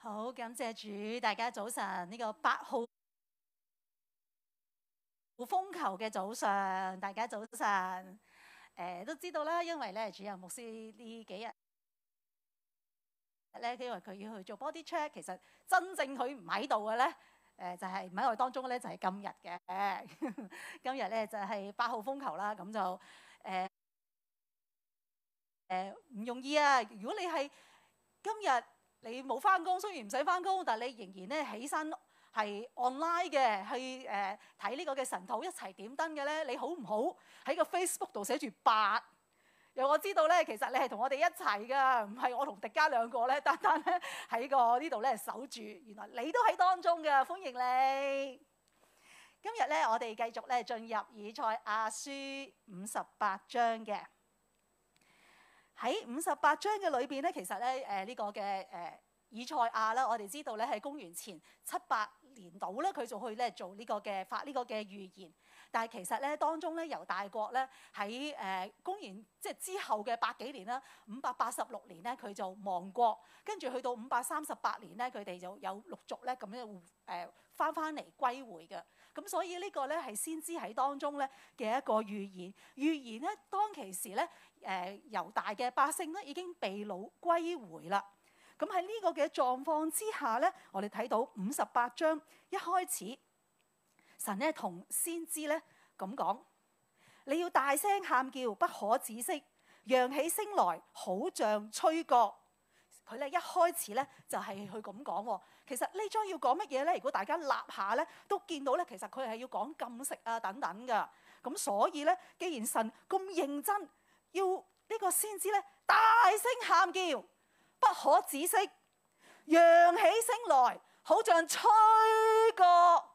好，感謝主，大家早晨。呢、這個八號風球嘅早上，大家早晨。誒、呃、都知道啦，因為咧，主任牧師這幾天呢幾日咧，因為佢要去做 body check，其實真正佢唔喺度嘅咧，誒、呃、就係、是、唔喺我當中咧，就係、是、今日嘅。 今日咧就係、是、八號風球啦，咁就誒誒唔容易啊！如果你係今日。你冇翻工，雖然唔使翻工，但係你仍然咧起身係 online 嘅，去誒睇呢個嘅神壺一齊點燈嘅咧，你好唔好？喺個 Facebook 度寫住八，由我知道咧，其實你係同我哋一齊噶，唔係我同迪嘉兩個咧單單咧喺個呢度咧守住。原來你都喺當中噶，歡迎你。今日咧，我哋繼續咧進入以賽亞書五十八章嘅。喺五十八章嘅裏邊咧，其實咧，誒呢個嘅誒以賽亞啦，我哋知道咧，喺公元前七百年度咧，佢就去咧做呢個嘅發呢個嘅預言。但係其實咧，當中咧由大國咧喺誒公元即係之後嘅百幾年啦，五百八十六年咧佢就亡國，跟住去到五百三十八年咧，佢哋就有陸續咧咁樣誒翻翻嚟歸回嘅。咁所以呢個咧係先知喺當中咧嘅一個預言。預言咧當其時咧。誒猶大嘅百姓呢已經被擄歸回啦。咁喺呢個嘅狀況之下呢，我哋睇到五十八章一開始，神呢同先知呢咁講：你要大聲喊叫，不可止息，揚起聲來，好像吹角。佢咧一開始呢，就係去咁講。其實呢章要講乜嘢呢？如果大家立下呢，都見到呢，其實佢係要講禁食啊等等嘅。咁所以呢，既然神咁認真。要呢個先知咧，大聲喊叫，不可止息，揚起聲來，好像吹角。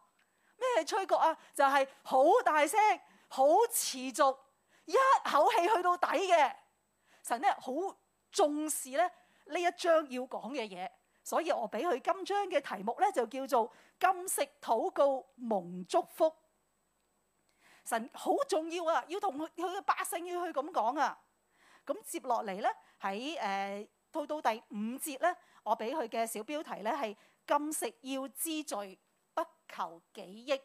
咩係吹角啊？就係、是、好大聲，好持續，一口氣去到底嘅。神咧好重視咧呢一章要講嘅嘢，所以我俾佢今章嘅題目咧就叫做禁食禱告蒙祝福。神好重要啊，要同佢佢嘅百姓要去咁講啊。咁接落嚟呢，喺誒到到第五節呢，我俾佢嘅小標題呢係禁食要知罪，不求幾億。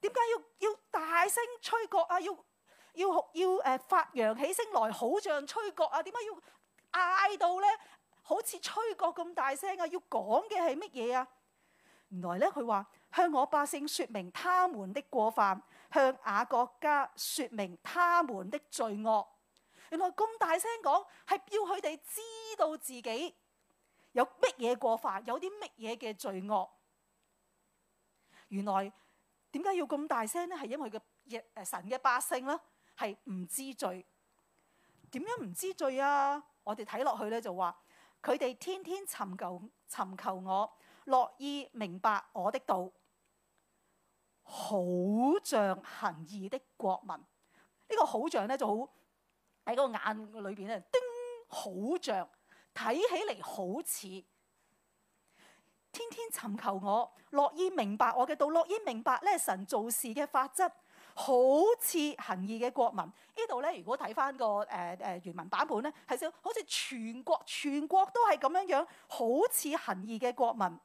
點解要要大聲吹角啊？要要要誒發揚起聲來好、啊，好像吹角啊？點解要嗌到呢？好似吹角咁大聲啊？要講嘅係乜嘢啊？原來呢，佢話。向我百姓說明他們的過犯，向雅各家說明他們的罪惡。原來咁大聲講，係要佢哋知道自己有乜嘢過犯，有啲乜嘢嘅罪惡。原來點解要咁大聲呢？係因為個神嘅百姓呢，係唔知罪。點樣唔知罪啊？我哋睇落去呢，就話，佢哋天天尋求尋求我，樂意明白我的道。好像行義的國民，呢、呢個好像咧就好喺個眼裏邊咧，叮好像睇起嚟好似天天尋求我，樂意明白我嘅道，樂意明白咧神做事嘅法則，好似行義嘅國民。呢度呢度咧，如果睇返個誒誒原文版本咧，係少好似全國全國都係咁樣樣，好似行義嘅國民。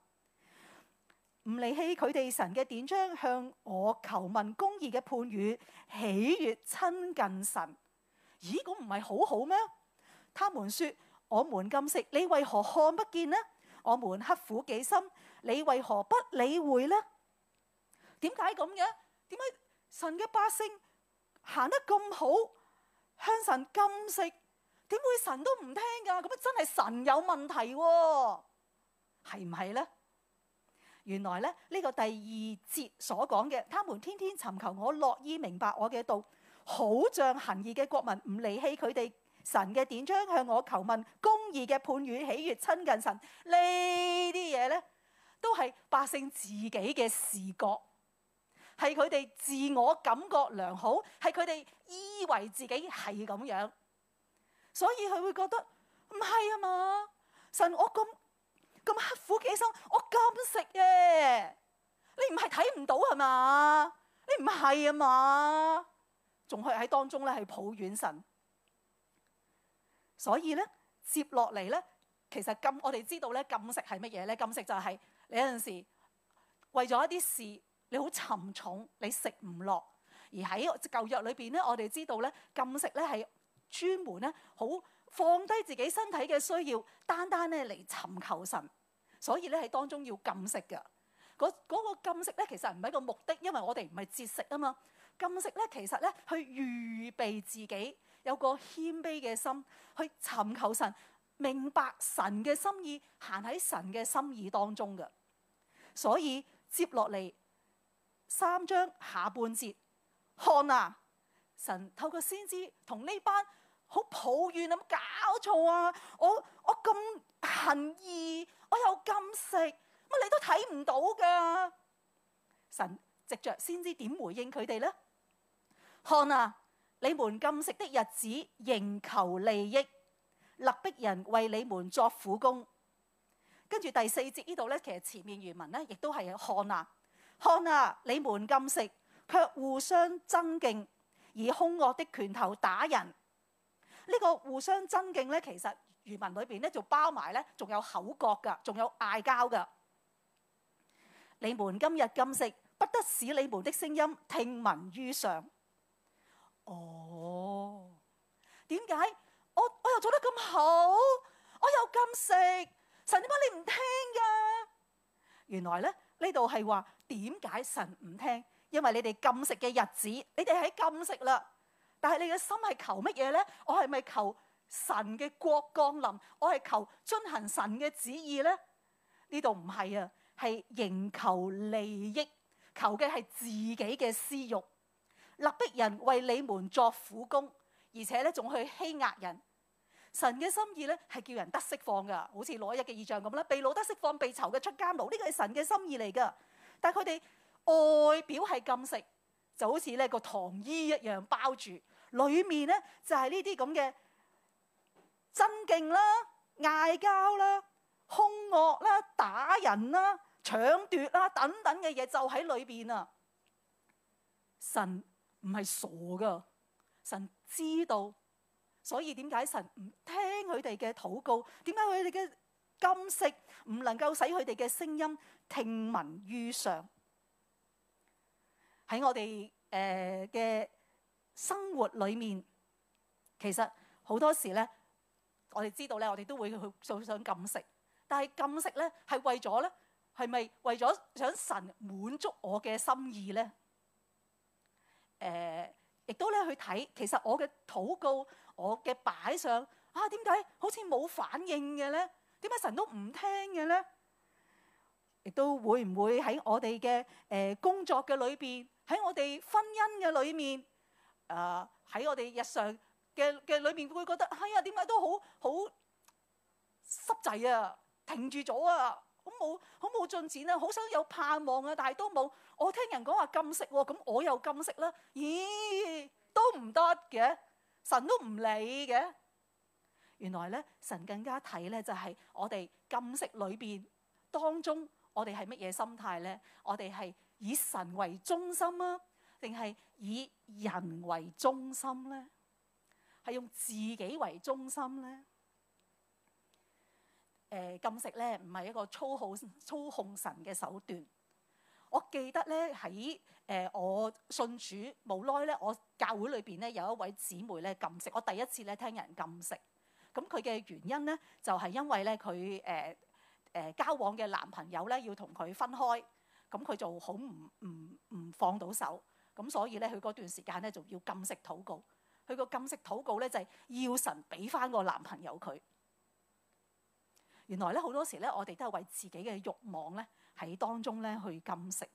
唔離棄佢哋，神嘅典章向我求問公義嘅判語，喜悦親近神。咦，咁唔係好好咩？他們說：我們禁食，你為何看不見呢？我們刻苦己心，你為何不理會呢？點解咁嘅？點解神嘅百姓行得咁好，向神禁食，點會神都唔聽噶？咁啊，真係神有問題喎、啊？係唔係呢？原來咧，呢、這個第二節所講嘅，他們天天尋求我，樂意明白我嘅道，好像行義嘅國民唔離棄佢哋神嘅典章，向我求問公義嘅判語，喜悅親近神，呢啲嘢呢，都係百姓自己嘅視覺，係佢哋自我感覺良好，係佢哋以為自己係咁樣，所以佢會覺得唔係啊嘛，神我咁。咁刻苦幾深？我禁食嘅！你唔係睇唔到係嘛？你唔係啊嘛？仲係喺當中咧係抱怨神。所以咧，接落嚟咧，其實禁我哋知道咧，禁食係乜嘢咧？禁食就係、是、你有陣時為咗一啲事，你好沉重，你食唔落。而喺舊約裏面咧，我哋知道咧，禁食咧係專門咧好。放低自己身體嘅需要，單單咧嚟尋求神，所以咧喺當中要禁食嘅。嗰、嗰個禁食咧，其實唔係一個目的，因為我哋唔係節食啊嘛。禁食咧，其實咧去預備自己有個謙卑嘅心，去尋求神，明白神嘅心意，行喺神嘅心意當中嘅。所以接落嚟三章下半節看啊，神透過先知同呢班。好抱怨啊！咁搞錯啊！我我咁恨意，我又禁食，乜你都睇唔到噶。神藉着先知點回應佢哋呢？看啊，你們禁食的日子仍求利益，勒逼人為你們作苦工。跟住第四節呢度呢，其實前面原文呢，亦都係看啊，看啊，你們禁食卻互相爭競，以兇惡的拳頭打人。呢、這個互相爭競呢，其實原文裏邊呢，就包埋呢仲有口角噶，仲有嗌交噶。你們今日禁食，不得使你們的聲音聽聞於上。哦，點解我我又做得咁好，我又禁食，神點解你唔聽噶？原來呢，呢度係話點解神唔聽，因為你哋禁食嘅日子，你哋喺禁食啦。但係你嘅心係求乜嘢呢？我係咪求神嘅國降臨？我係求遵行神嘅旨意呢？呢度唔係啊，係營求利益，求嘅係自己嘅私欲，勒逼人為你們作苦工，而且咧仲去欺壓人。神嘅心意咧係叫人得釋放噶，好似攞亞嘅意象咁啦，被擄得釋放，被囚嘅出監牢，呢個係神嘅心意嚟噶。但係佢哋外表係禁食，就好似咧個糖衣一樣包住。裏面呢，就係呢啲咁嘅爭競啦、嗌交啦、兇惡啦、打人啦、搶奪啦等等嘅嘢就喺裏邊啊！神唔係傻噶，神知道，所以點解神唔聽佢哋嘅禱告？點解佢哋嘅禁食唔能夠使佢哋嘅聲音聽聞於上？喺我哋誒嘅。呃生活裏面其實好多時咧，我哋知道咧，我哋都會去做想禁食，但係禁食咧係為咗咧，係咪為咗想神滿足我嘅心意咧？誒，亦都咧去睇，其實我嘅禱告，我嘅擺上啊，點解好似冇反應嘅咧？點解神都唔聽嘅咧？亦都會唔會喺我哋嘅誒工作嘅裏邊，喺我哋婚姻嘅裏面？啊、呃！喺我哋日常嘅嘅裏面，會覺得哎呀，點解都好好濕滯啊，停住咗啊，好冇好冇進展啊，好想有盼望啊，但係都冇。我聽人講話禁食喎，咁我又禁食啦。咦，都唔得嘅，神都唔理嘅。原來咧，神更加睇咧，就係我哋禁食裏邊當中我們是什麼，我哋係乜嘢心態咧？我哋係以神為中心啊！定係以人為中心咧，係用自己為中心咧？誒、呃，禁食咧唔係一個操控操控神嘅手段。我記得咧喺誒我信主，冇耐咧，我教會裏邊咧有一位姊妹咧禁食，我第一次咧聽人禁食。咁佢嘅原因咧就係、是、因為咧佢誒誒交往嘅男朋友咧要同佢分開，咁佢就好唔唔唔放到手。咁所以咧，佢嗰段時間咧，就要禁食禱告。佢個禁食禱告咧，就係要神俾翻個男朋友佢。原來咧，好多時咧，我哋都係為自己嘅慾望咧，喺當中咧去禁食。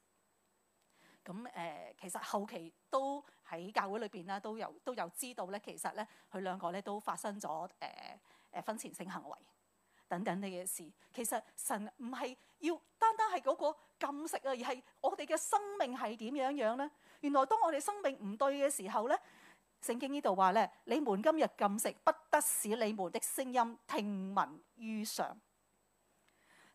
咁誒、呃，其實後期都喺教會裏邊啦，都有都有知道咧，其實咧，佢兩個咧都發生咗誒誒婚前性行為等等呢嘅事。其實神唔係要單單係嗰個禁食啊，而係我哋嘅生命係點樣樣咧？原來當我哋生命唔對嘅時候咧，聖經呢度話咧，你們今日禁食，不得使你們的聲音聽聞於上。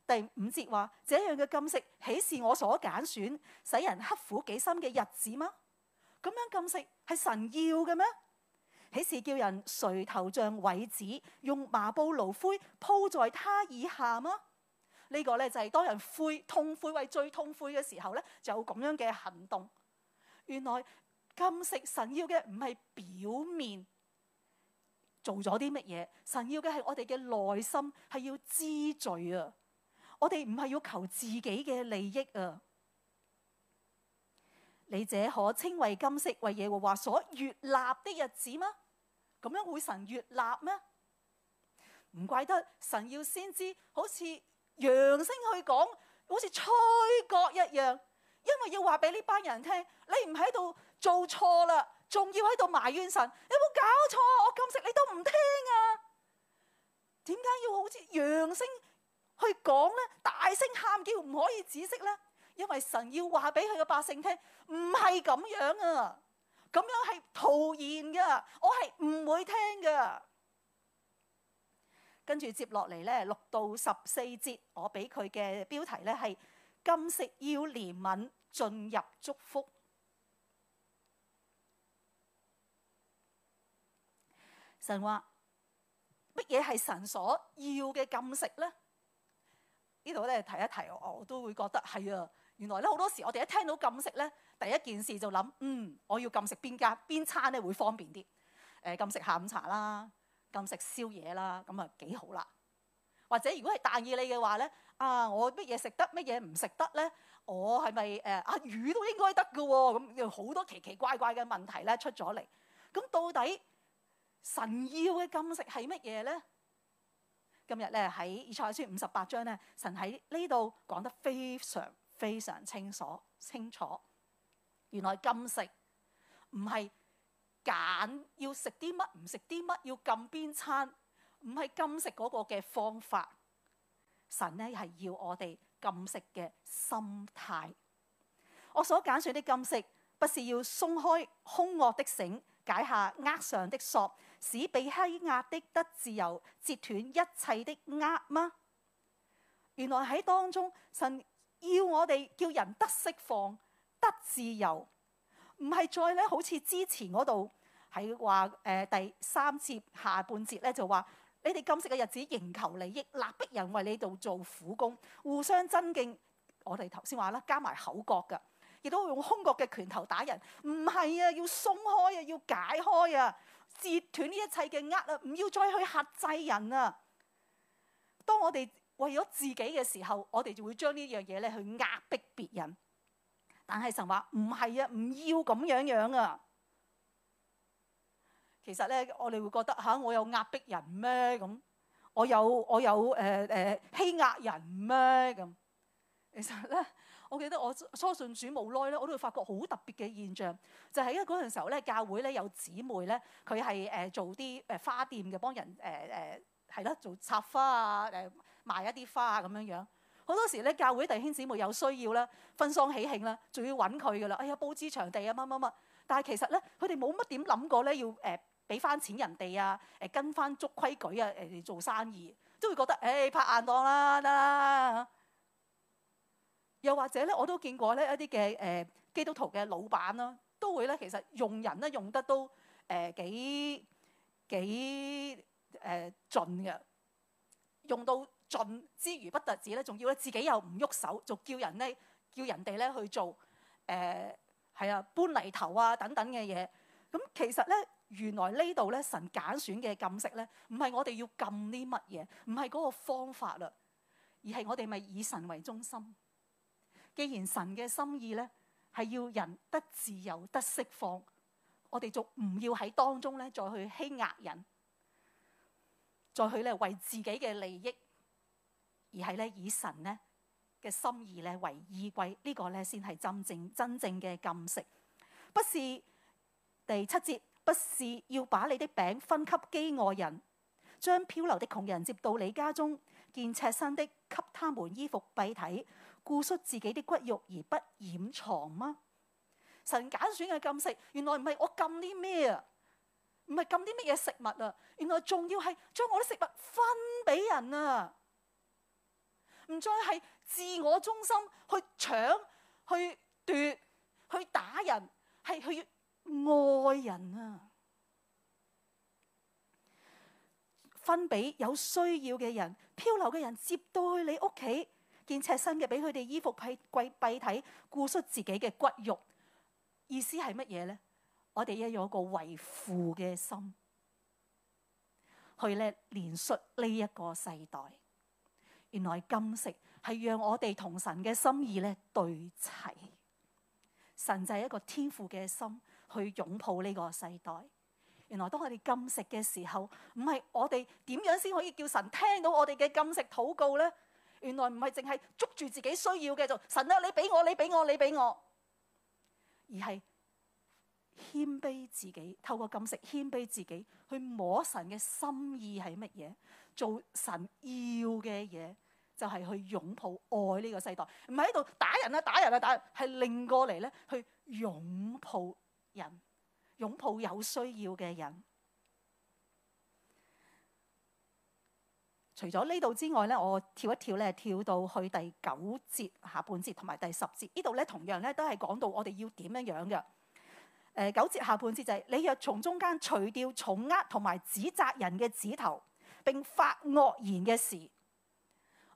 第五節話，這樣嘅禁食，豈是我所揀選使人刻苦己心嘅日子嗎？咁樣禁食係神要嘅咩？豈是叫人垂頭像葦子，用麻布爐灰鋪在他以下嗎？呢、這個咧就係當人灰痛悔、為罪痛悔嘅時候咧，就有咁樣嘅行動。原來禁食神要嘅唔係表面做咗啲乜嘢，神要嘅係我哋嘅內心，係要知罪啊！我哋唔係要求自己嘅利益啊！你這可稱為禁食，為耶和華所悅納的日子嗎？咁樣會神悅納咩？唔怪得神要先知，好似揚聲去講，好似吹角一樣。因為要話俾呢班人聽，你唔喺度做錯啦，仲要喺度埋怨神，你冇搞錯？我禁食你都唔聽啊？點解要好似揚聲去講呢？大聲喊叫唔可以止息呢？因為神要話俾佢嘅百姓聽，唔係咁樣啊！咁樣係徒然噶，我係唔會聽噶。跟住接落嚟呢，六到十四節，我俾佢嘅標題呢係禁食要憐憫，進入祝福。神話乜嘢係神所要嘅禁食咧？呢度咧提一提，我都會覺得係啊。原來咧好多時我哋一聽到禁食咧，第一件事就諗：嗯，我要禁食邊間邊餐咧會方便啲。誒，禁食下午茶啦，禁食宵夜啦，咁啊幾好啦。或者如果係大意你嘅話咧。啊！我乜嘢食得，乜嘢唔食得咧？我係咪誒啊魚都應該得噶？咁有好多奇奇怪怪嘅問題咧出咗嚟。咁到底神要嘅禁食係乜嘢咧？今日咧喺以賽亞書五十八章咧，神喺呢度講得非常非常清楚清楚。原來禁食唔係揀要食啲乜唔食啲乜，要禁邊餐，唔係禁食嗰個嘅方法。神呢係要我哋禁食嘅心態。我所揀選的禁食，不是要鬆開凶惡的繩，解下軛上的索，使被欺壓的得自由，截斷一切的軛嗎？原來喺當中，神要我哋叫人得釋放、得自由，唔係再咧好似之前嗰度喺話誒第三節下半節咧就話。你哋禁食嘅日子，仍求利益，勒逼人為你度做苦工，互相爭競。我哋頭先話啦，加埋口角嘅，亦都用凶惡嘅拳頭打人。唔係啊，要鬆開啊，要解開啊，截斷呢一切嘅軛啊，唔要再去限制人啊。當我哋為咗自己嘅時候，我哋就會將呢樣嘢咧去壓迫別人。但係神話唔係啊，唔要咁樣樣啊。其實咧，我哋會覺得嚇，我有壓迫人咩咁？我有我有誒誒、呃呃、欺壓人咩咁？其實咧，我記得我初信主無耐咧，我都會發覺好特別嘅現象，就係、是、因為嗰陣時候咧，教會咧有姊妹咧，佢係誒做啲誒花店嘅，幫人誒誒係啦，做插花啊，誒、呃、賣一啲花啊咁樣樣。好多時咧，教會弟兄姊妹有需要啦，婚喪喜慶啦，仲要揾佢噶啦。哎呀，佈置場地啊，乜乜乜。但係其實咧，佢哋冇乜點諗過咧，要誒。呃俾翻錢人哋啊！誒跟翻足規矩啊！誒、呃、做生意，都會覺得誒、哎、拍硬檔啦，得啦，啦。又或者咧，我都見過咧一啲嘅誒基督徒嘅老闆啦，都會咧其實用人咧用得都誒幾幾誒盡嘅，用到盡之餘不特止咧，仲要咧自己又唔喐手，就叫人咧叫人哋咧去做誒係、呃、啊搬泥頭啊等等嘅嘢。咁、嗯、其實咧。原來呢度咧，神揀選嘅禁食咧，唔係我哋要禁啲乜嘢，唔係嗰個方法啦，而係我哋咪以神為中心。既然神嘅心意咧係要人得自由、得釋放，我哋就唔要喺當中咧再去欺壓人，再去咧為自己嘅利益，而係咧以神咧嘅心意咧為依歸。呢個咧先係真正真正嘅禁食。不是第七節。不是要把你的餅分給飢餓人，將漂流的窮人接到你家中，見赤身的給他們衣服蔽體，顧恤自己的骨肉而不掩藏嗎？神揀選嘅禁食，原來唔係我禁啲咩啊，唔係禁啲乜嘢食物啊，原來仲要係將我啲食物分俾人啊，唔再係自我中心去搶、去奪、去打人，係去。愛人啊，分俾有需要嘅人、漂流嘅人，接到去你屋企，見赤身嘅俾佢哋衣服披蔽蔽體，顧恤自己嘅骨肉。意思係乜嘢呢？我哋要有一個為父嘅心，去咧連述呢一個世代。原來禁食係讓我哋同神嘅心意咧對齊，神就係一個天父嘅心。去擁抱呢個世代。原來當我哋禁食嘅時候，唔係我哋點樣先可以叫神聽到我哋嘅禁食禱告呢？原來唔係淨係捉住自己需要嘅就神啊！你俾我，你俾我，你俾我，我，而係謙卑自己，透過禁食謙卑自己，去摸神嘅心意係乜嘢，做神要嘅嘢就係、是、去擁抱愛呢個世代，唔係喺度打人啊！打人啊！打人係、啊、令過嚟呢去擁抱。人擁抱有需要嘅人。除咗呢度之外咧，我跳一跳咧，跳到去第九節下半節同埋第十節。這裡呢度咧，同樣咧都係講到我哋要點樣樣嘅。誒、呃，九節下半節就係、是、你若從中間除掉重軛同埋指責人嘅指頭，並發惡言嘅事。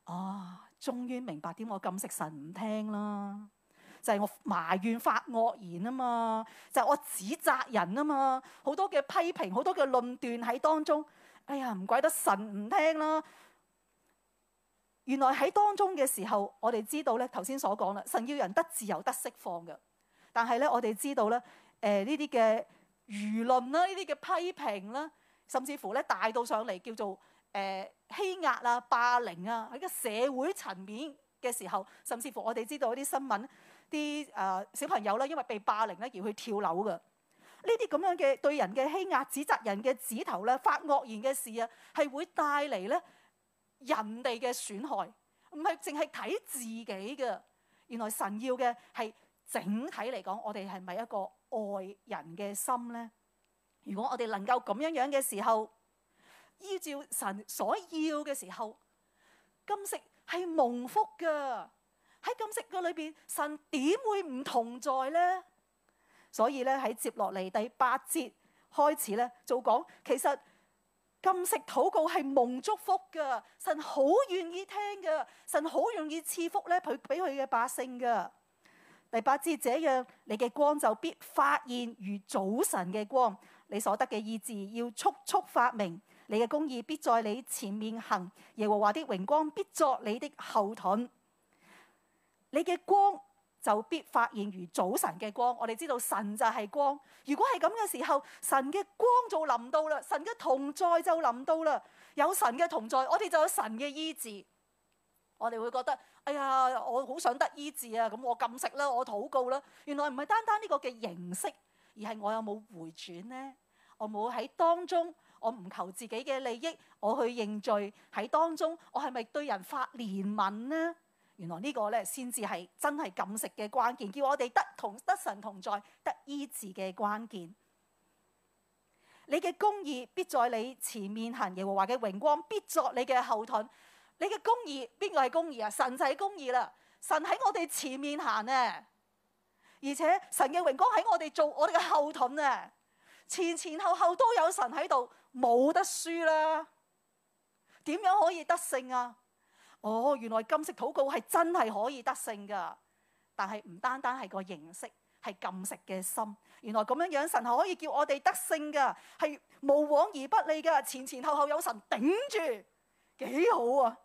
哦、啊，終於明白點我咁禁食神唔聽啦。就係、是、我埋怨發惡言啊嘛，就係、是、我指責人啊嘛，好多嘅批評，好多嘅論斷喺當中。哎呀，唔怪不得神唔聽啦。原來喺當中嘅時候，我哋知道咧，頭先所講啦，神要人得自由得釋放嘅。但係咧，我哋知道咧，誒呢啲嘅輿論啦，呢啲嘅批評啦，甚至乎咧大到上嚟叫做誒、呃、欺壓啊、霸凌啊，喺個社會層面嘅時候，甚至乎我哋知道一啲新聞。啲誒小朋友咧，因為被霸凌咧，而去跳樓嘅。呢啲咁樣嘅對人嘅欺壓、指責人嘅指頭咧、發惡言嘅事啊，係會帶嚟咧人哋嘅損害，唔係淨係睇自己嘅。原來神要嘅係整體嚟講，我哋係咪一個愛人嘅心咧？如果我哋能夠咁樣樣嘅時候，依照神所要嘅時候，金色係蒙福嘅。喺禁食嘅裏邊，神點會唔同在呢？所以咧喺接落嚟第八節開始咧就講，其實禁食禱告係蒙祝福嘅，神好願意聽嘅，神好願意賜福咧佢俾佢嘅百姓嘅。第八節這樣，你嘅光就必發現如早晨嘅光，你所得嘅意志要速速發明，你嘅公義必在你前面行，耶和華的榮光必作你的後盾。你嘅光就必發現如早晨嘅光。我哋知道神就係光。如果係咁嘅時候，神嘅光照臨到啦，神嘅同在就臨到啦。有神嘅同在，我哋就有神嘅醫治。我哋會覺得，哎呀，我好想得醫治啊！咁我禁食啦、啊，我禱告啦、啊。原來唔係單單呢個嘅形式，而係我有冇回轉呢？我冇喺當中，我唔求自己嘅利益，我去認罪。喺當中，我係咪對人發憐憫呢？原來呢個咧，先至係真係禁食嘅關鍵，叫我哋得同得神同在，得醫治嘅關鍵。你嘅公義必在你前面行，耶和華嘅榮光必作你嘅後盾。你嘅公義邊個係公義啊？神就係公義啦！神喺我哋前面行呢、啊，而且神嘅榮光喺我哋做我哋嘅後盾呢、啊。前前後後都有神喺度，冇得輸啦！點樣可以得勝啊？哦，原來禁食禱告係真係可以得勝噶，但係唔單單係個形式，係禁食嘅心。原來咁樣樣，神係可以叫我哋得勝噶，係無往而不利噶，前前後後有神頂住，幾好啊！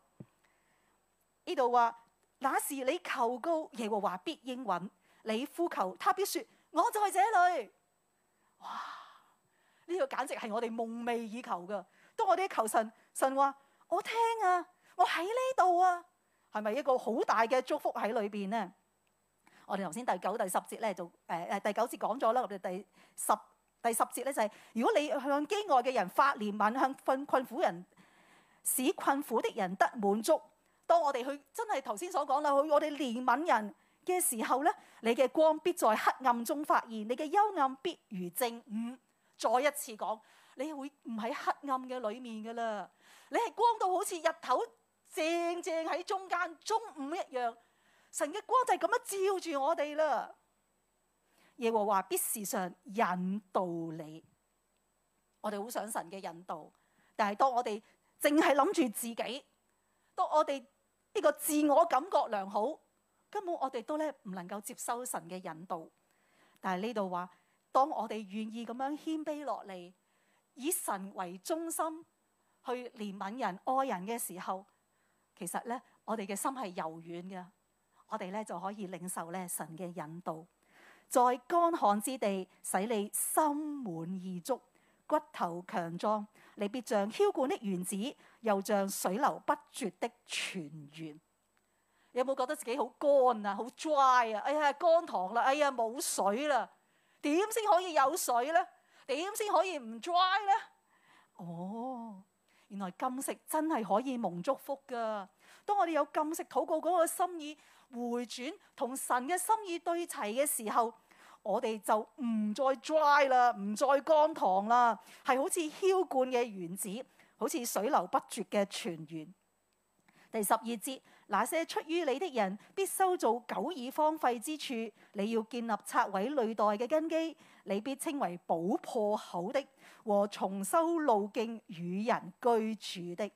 呢度話，那時你求告耶和華必應允，你呼求他必說，我在這裡。哇！呢個簡直係我哋夢寐以求噶。當我哋求神，神話我聽啊！我喺呢度啊，係咪一個好大嘅祝福喺裏邊呢？我哋頭先第九、第十節咧，就誒誒第九節講咗啦，我哋第十第十節咧就係、是、如果你向飢餓嘅人發憐憫，向困困苦人使困苦的人得滿足，當我哋去真係頭先所講啦，去我我哋憐憫人嘅時候咧，你嘅光必在黑暗中發現，你嘅幽暗必如正午。再一次講，你會唔喺黑暗嘅裏面噶啦，你係光到好似日頭。正正喺中間，中午一樣，神嘅光就係咁樣照住我哋啦。耶和華必時常引導你。我哋好想神嘅引導，但係當我哋淨係諗住自己，當我哋呢個自我感覺良好，根本我哋都咧唔能夠接收神嘅引導。但係呢度話，當我哋願意咁樣謙卑落嚟，以神為中心去憐憫人、愛人嘅時候。其實咧，我哋嘅心係柔軟嘅，我哋咧就可以領受咧神嘅引導，在乾旱之地使你心滿意足，骨頭強壯，你必像澆灌的園子，又像水流不絕的泉源。有冇覺得自己好乾啊？好 dry 啊？哎呀，乾塘啦！哎呀，冇水啦！點先可以有水呢？點先可以唔 dry 呢？哦。原來禁食真係可以蒙祝福噶。當我哋有禁食禱告嗰個心意回轉，同神嘅心意對齊嘅時候，我哋就唔再 dry 啦，唔再乾塘啦，係好似澆灌嘅園子，好似水流不絕嘅泉源。第十二節，那些出於你的人，必修造久已荒廢之處，你要建立拆毀累代嘅根基，你必稱為補破口的。和重修路徑與人居住的。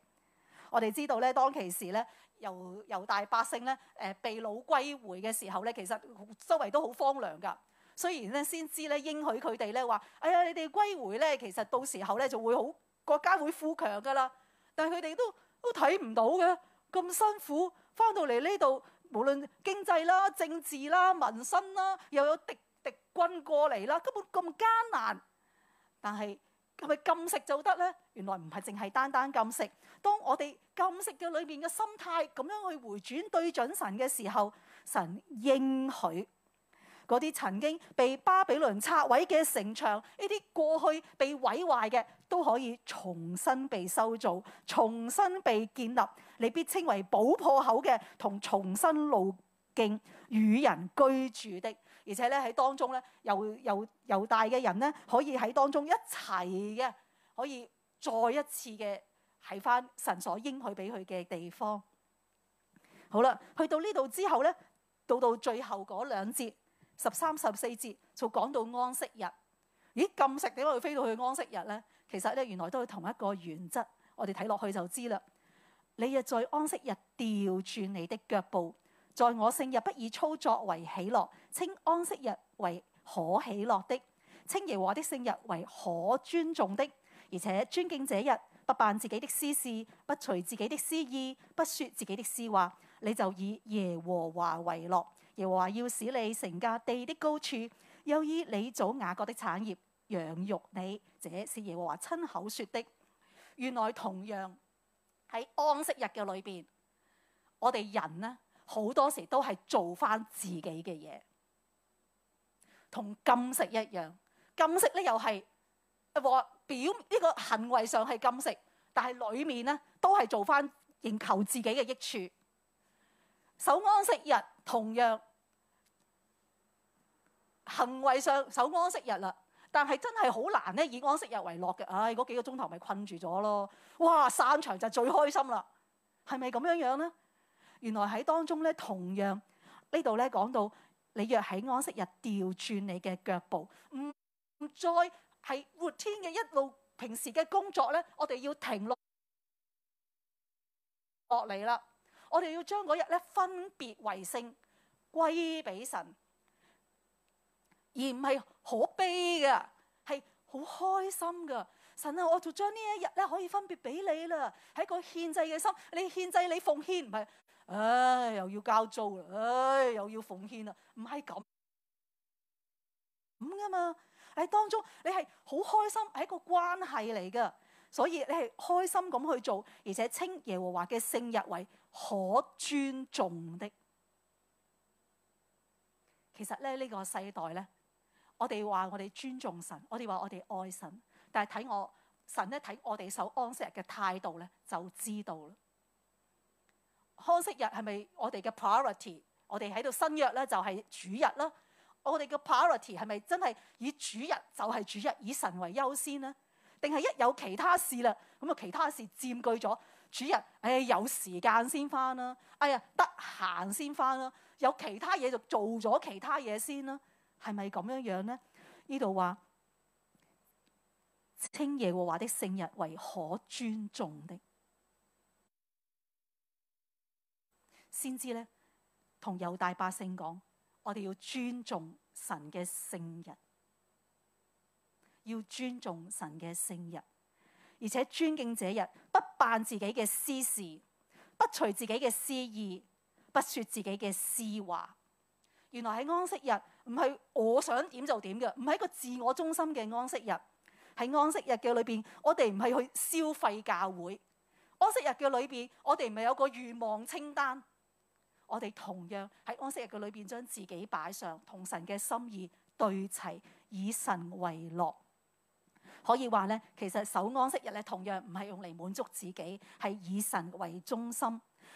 我哋知道咧，當其時咧，猶猶大百姓咧，誒被擄歸回嘅時候咧，其實周圍都好荒涼㗎。雖然咧，先知咧應許佢哋咧話：哎呀，你哋歸回咧，其實到時候咧就會好，國家會富強㗎啦。但係佢哋都都睇唔到嘅，咁辛苦返到嚟呢度，無論經濟啦、政治啦、民生啦，又有敵敵軍過嚟啦，根本咁艱難。但係。係咪禁食就得呢？原來唔係淨係單單禁食。當我哋禁食嘅裏面嘅心態咁樣去回轉對準神嘅時候，神應許嗰啲曾經被巴比倫拆毀嘅城牆，呢啲過去被毀壞嘅都可以重新被修造、重新被建立，你必稱為補破口嘅同重新路徑與人居住的。而且咧喺當中咧，又又又大嘅人咧，可以喺當中一齊嘅，可以再一次嘅喺翻神所應許俾佢嘅地方。好啦，去到呢度之後咧，到到最後嗰兩節十三十四節，就講到安息日。咦，咁食點解會飛到去安息日咧？其實咧，原來都係同一個原則。我哋睇落去就知啦。你若在安息日掉轉你的腳步。在我聖日不以操作為喜樂，稱安息日為可喜樂的，稱耶和華的聖日為可尊重的，而且尊敬這日，不辦自己的私事，不隨自己的私意，不說自己的私話，你就以耶和華為樂。耶和華要使你乘駕地的高處，又以你祖雅各的產業養育你，這是耶和華親口說的。原來同樣喺安息日嘅裏邊，我哋人呢？好多時都係做翻自己嘅嘢，同禁食一樣。禁食咧又係，表呢、這個行為上係禁食，但係裏面呢都係做翻仍求自己嘅益處。守安息日同樣行為上守安息日啦，但係真係好難咧以安息日為樂嘅。唉、哎，嗰幾個鐘頭咪困住咗咯。哇！散場就最開心啦，係咪咁樣樣呢？原來喺當中咧，同樣這裏呢度咧講到，你若喺安息日掉轉你嘅腳步，唔再係活天嘅一路平時嘅工作咧，我哋要停落落嚟啦。我哋要將嗰日咧分別為聖，歸俾神，而唔係可悲嘅，係好開心嘅。神啊，我就將呢一日咧可以分別俾你啦，喺個獻祭嘅心，你獻祭，你奉獻，唔係。唉、哎，又要交租啦！唉、哎，又要奉獻啦！唔係咁咁噶嘛？喺當中，你係好開心，係一個關係嚟噶，所以你係開心咁去做，而且稱耶和華嘅聖日為可尊重的。其實咧，呢、這個世代咧，我哋話我哋尊重神，我哋話我哋愛神，但係睇我神咧睇我哋守安息日嘅態度咧，就知道啦。康息日係咪我哋嘅 priority？我哋喺度新約咧就係主日啦。我哋嘅 priority 係咪真係以主日就係主日，以神為優先呢？定係一有其他事啦，咁啊其他事佔據咗主日，哎，有時間先返啦，哎呀得閒先返啦，有其他嘢就做咗其他嘢先啦，啊，係咪咁樣樣呢？呢度話稱耶和華的聖日為可尊重的。先知咧，同猶大百姓講，我哋要尊重神嘅聖日，要尊重神嘅聖日，而且尊敬這日，不辦自己嘅私事，不隨自己嘅私意，不說自己嘅私話。原來喺安息日唔係我想點就點嘅，唔係一個自我中心嘅安息日。喺安息日嘅裏邊，我哋唔係去消費教會。安息日嘅裏邊，我哋唔係有個願望清單。我哋同樣喺安息日嘅裏邊，將自己擺上，同神嘅心意對齊，以神為樂。可以話咧，其實守安息日咧，同樣唔係用嚟滿足自己，係以神為中心，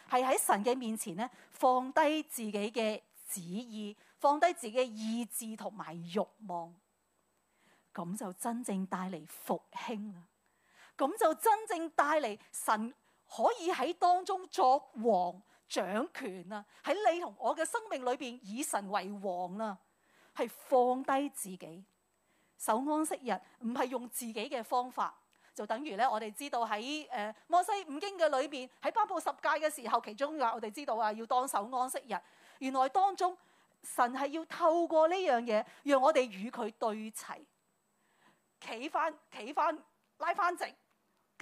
係喺神嘅面前咧，放低自己嘅旨意，放低自己嘅意志同埋欲望，咁就真正帶嚟復興啦。咁就真正帶嚟神可以喺當中作王。掌權啊！喺你同我嘅生命裏邊，以神為王啊，係放低自己，守安息日，唔係用自己嘅方法，就等於咧，我哋知道喺誒、呃《摩西五經》嘅裏邊，喺頒布十誡嘅時候，其中啊，我哋知道啊，要當守安息日。原來當中神係要透過呢樣嘢，讓我哋與佢對齊，企翻企翻拉翻直。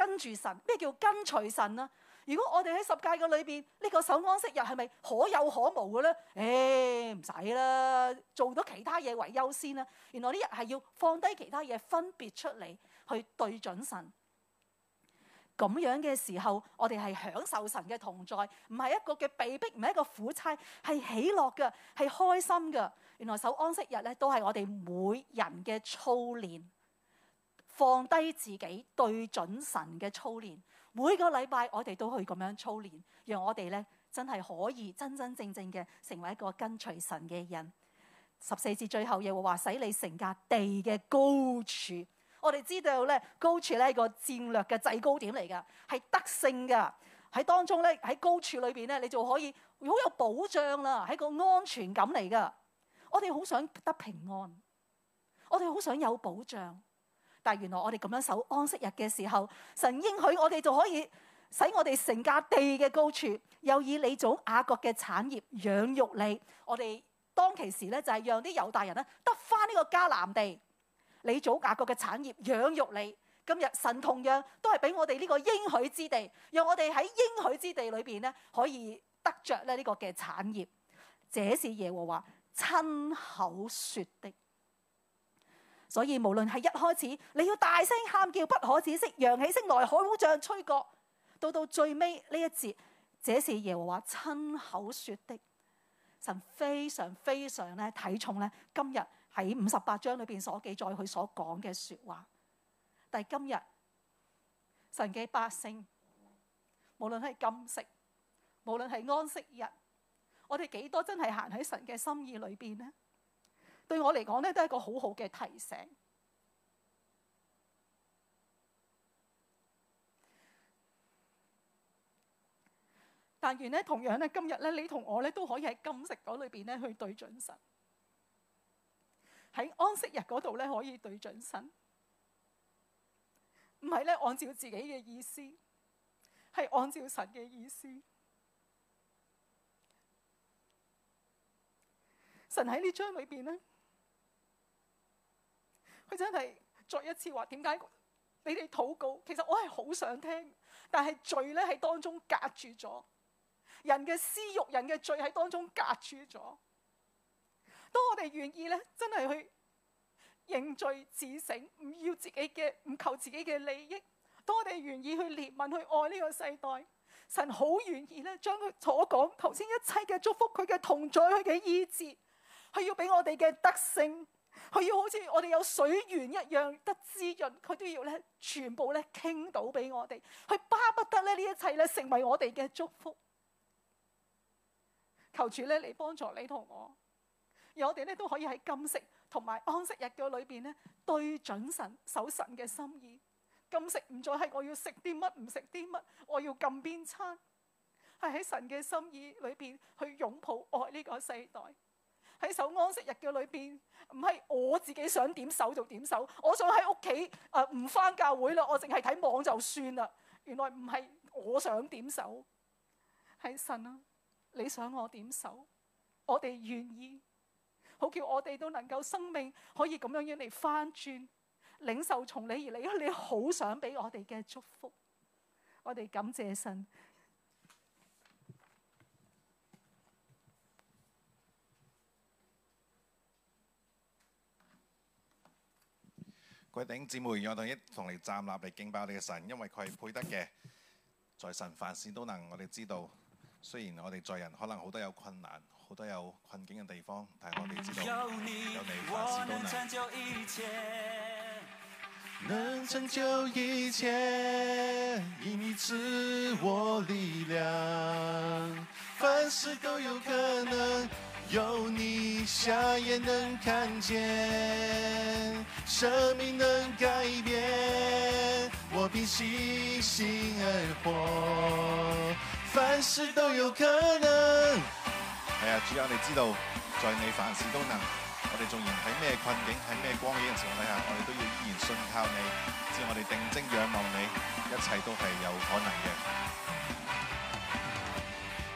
跟住神，咩叫跟隨神啊？如果我哋喺十誡嘅裏邊呢、這個守安息日係咪可有可無嘅咧？誒、哎，唔使啦，做到其他嘢為優先啦。原來呢日係要放低其他嘢，分別出嚟去對準神。咁樣嘅時候，我哋係享受神嘅同在，唔係一個嘅被逼，唔係一個苦差，係喜樂嘅，係開心嘅。原來守安息日咧，都係我哋每人嘅操練。放低自己，對準神嘅操練。每個禮拜我哋都去咁樣操練，讓我哋咧真係可以真真正正嘅成為一個跟隨神嘅人。十四節最後又話使你乘駕地嘅高處。我哋知道咧高處咧係個戰略嘅制高點嚟噶，係得勝噶，喺當中咧，喺高處裏邊咧，你就可以好有保障啦，係個安全感嚟噶。我哋好想得平安，我哋好想有保障。但原來我哋咁樣守安息日嘅時候，神應許我哋就可以使我哋乘駕地嘅高處，又以你祖雅各嘅產業養育你。我哋當其時咧，就係讓啲猶大人咧得返呢個迦南地，你祖雅各嘅產業養育你。今日神同樣都係俾我哋呢個應許之地，讓我哋喺應許之地裏邊咧可以得着咧呢個嘅產業。這是耶和華親口說的。所以無論係一開始，你要大聲喊叫，不可止息，揚起聲來，好像吹角。到到最尾呢一節，這是耶和華親口說的。神非常非常咧睇重咧，今日喺五十八章裏邊所記載佢所講嘅說的話。但係今日神嘅百姓，無論係禁食，無論係安息日，我哋幾多真係行喺神嘅心意裏邊呢？對我嚟講咧，都係一個好好嘅提醒。但係咧，同樣咧，今日咧，你同我咧都可以喺禁食嗰裏邊咧去對準神，喺安息日嗰度咧可以對準神。唔係咧，按照自己嘅意思，係按照神嘅意思。神喺呢章裏邊咧。佢真係再一次話點解你哋禱告？其實我係好想聽，但係罪咧喺當中隔住咗，人嘅私欲，人嘅罪喺當中隔住咗。當我哋願意咧，真係去認罪自省，唔要自己嘅，唔求自己嘅利益。當我哋願意去憐憫、去愛呢個世代，神好願意咧，將佢所講頭先一切嘅祝福，佢嘅同在，佢嘅醫治，係要俾我哋嘅得勝。佢要好似我哋有水源一樣得滋潤，佢都要咧全部咧傾倒俾我哋。佢巴不得咧呢這一切咧成為我哋嘅祝福。求主咧嚟幫助你同我，而我哋咧都可以喺禁食同埋安息日嘅裏邊咧對準神守神嘅心意。禁食唔再係我要食啲乜唔食啲乜，我要禁邊餐，係喺神嘅心意裏邊去擁抱愛呢個世代。喺守安息日嘅裏邊，唔係我自己想點守就點守，我想喺屋企誒，唔翻教會啦，我淨係睇網就算啦。原來唔係我想點守，係神啊！你想我點守，我哋願意。好叫我哋都能夠生命可以咁樣樣嚟翻轉，領受從你而嚟，你好想俾我哋嘅祝福，我哋感謝神。佢頂姊妹，我哋一同嚟站立嚟敬拜我哋嘅神，因為佢係配得嘅，在神凡事都能。我哋知道，雖然我哋在人，可能好多有困難，好多有困境嘅地方，但係我哋知道有你有，凡事都能。我哋能成就一切，能成就一切，以你賜我力量，凡事都有可能。有你，瞎眼能看見，生命能改變，我憑信心，心而活，凡事都有可能。係啊，只要你知道，在你凡事都能，我哋縱然喺咩困境，喺咩光景嘅情況底下，我哋都要依然信靠你，只要我哋定睛仰望你，一切都係有可能嘅。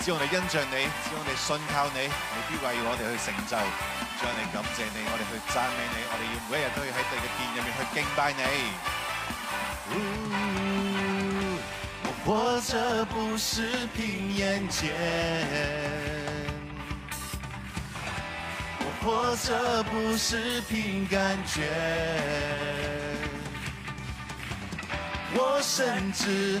只要我哋欣賞你，只要我哋信靠你，你必為我哋去成就，只要我哋感謝你，我哋去讚美你，我哋要每一日都要喺你嘅殿入面去敬拜你。Ooh, 我活着不是憑眼見，我活着不是憑感覺，我甚至。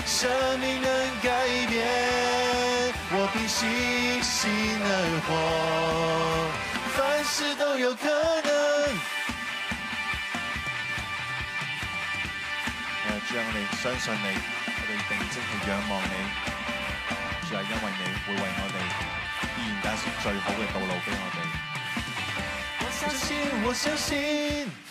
生命能改變，我憑信心而活，凡事都有可能。哎，我相信你，我哋定睛去仰望你，就係因為你會為我哋依然揀出最好嘅道路俾我哋。我相信，我相信。我相信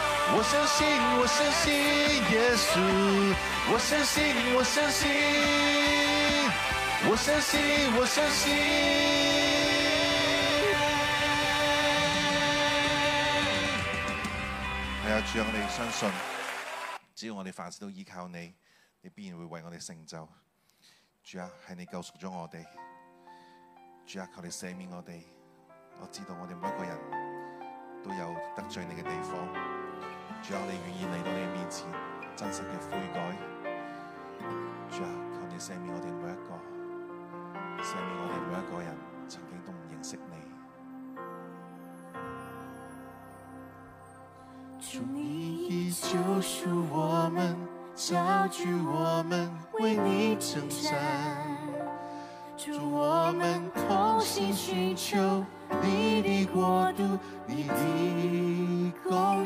我相信，我相信耶穌。我相信，我相信。我相信，我相信。係啊，主啊，我哋相信，只要我哋凡事都依靠你，你必然會為我哋成就。主啊，係你救贖咗我哋。主啊，求你赦免我哋。我知道我哋每一個人都有得罪你嘅地方。主啊，你願意嚟到你嘅面前，真實嘅悔改。主啊，求你赦免我哋每一個，赦免我哋每一個人，曾經都唔認識你。祝你依舊，祝我們，叫住我們為你征戰，祝我們同心尋求你的國度，你的供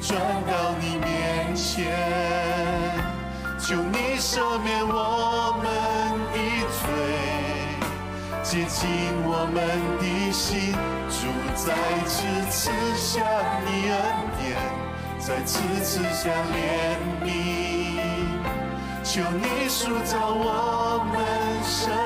轉到你面前，求你赦免我們一切罪，潔淨我們的心，主在此賜下你恩典，在此賜下憐憫，求你塑造我們神。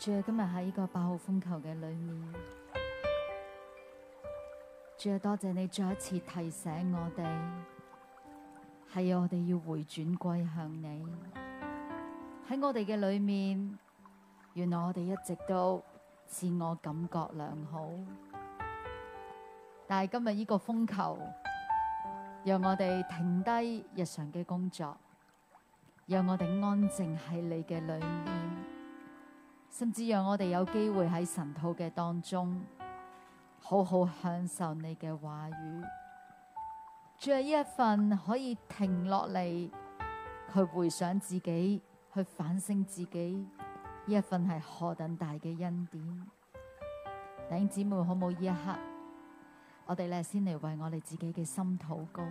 主啊，今日喺呢個八號風球嘅裏面，主啊，多謝你再一次提醒我哋，係要我哋要回轉歸向你。喺我哋嘅裏面，原來我哋一直都自我感覺良好，但係今日呢個風球，讓我哋停低日常嘅工作，讓我哋安靜喺你嘅裏面。甚至讓我哋有機會喺神抱嘅當中，好好享受你嘅話語，着一份可以停落嚟，去回想自己，去反省自己，依一份係何等大嘅恩典。弟兄姊妹，好冇？依一刻，我哋咧先嚟為我哋自己嘅心禱告，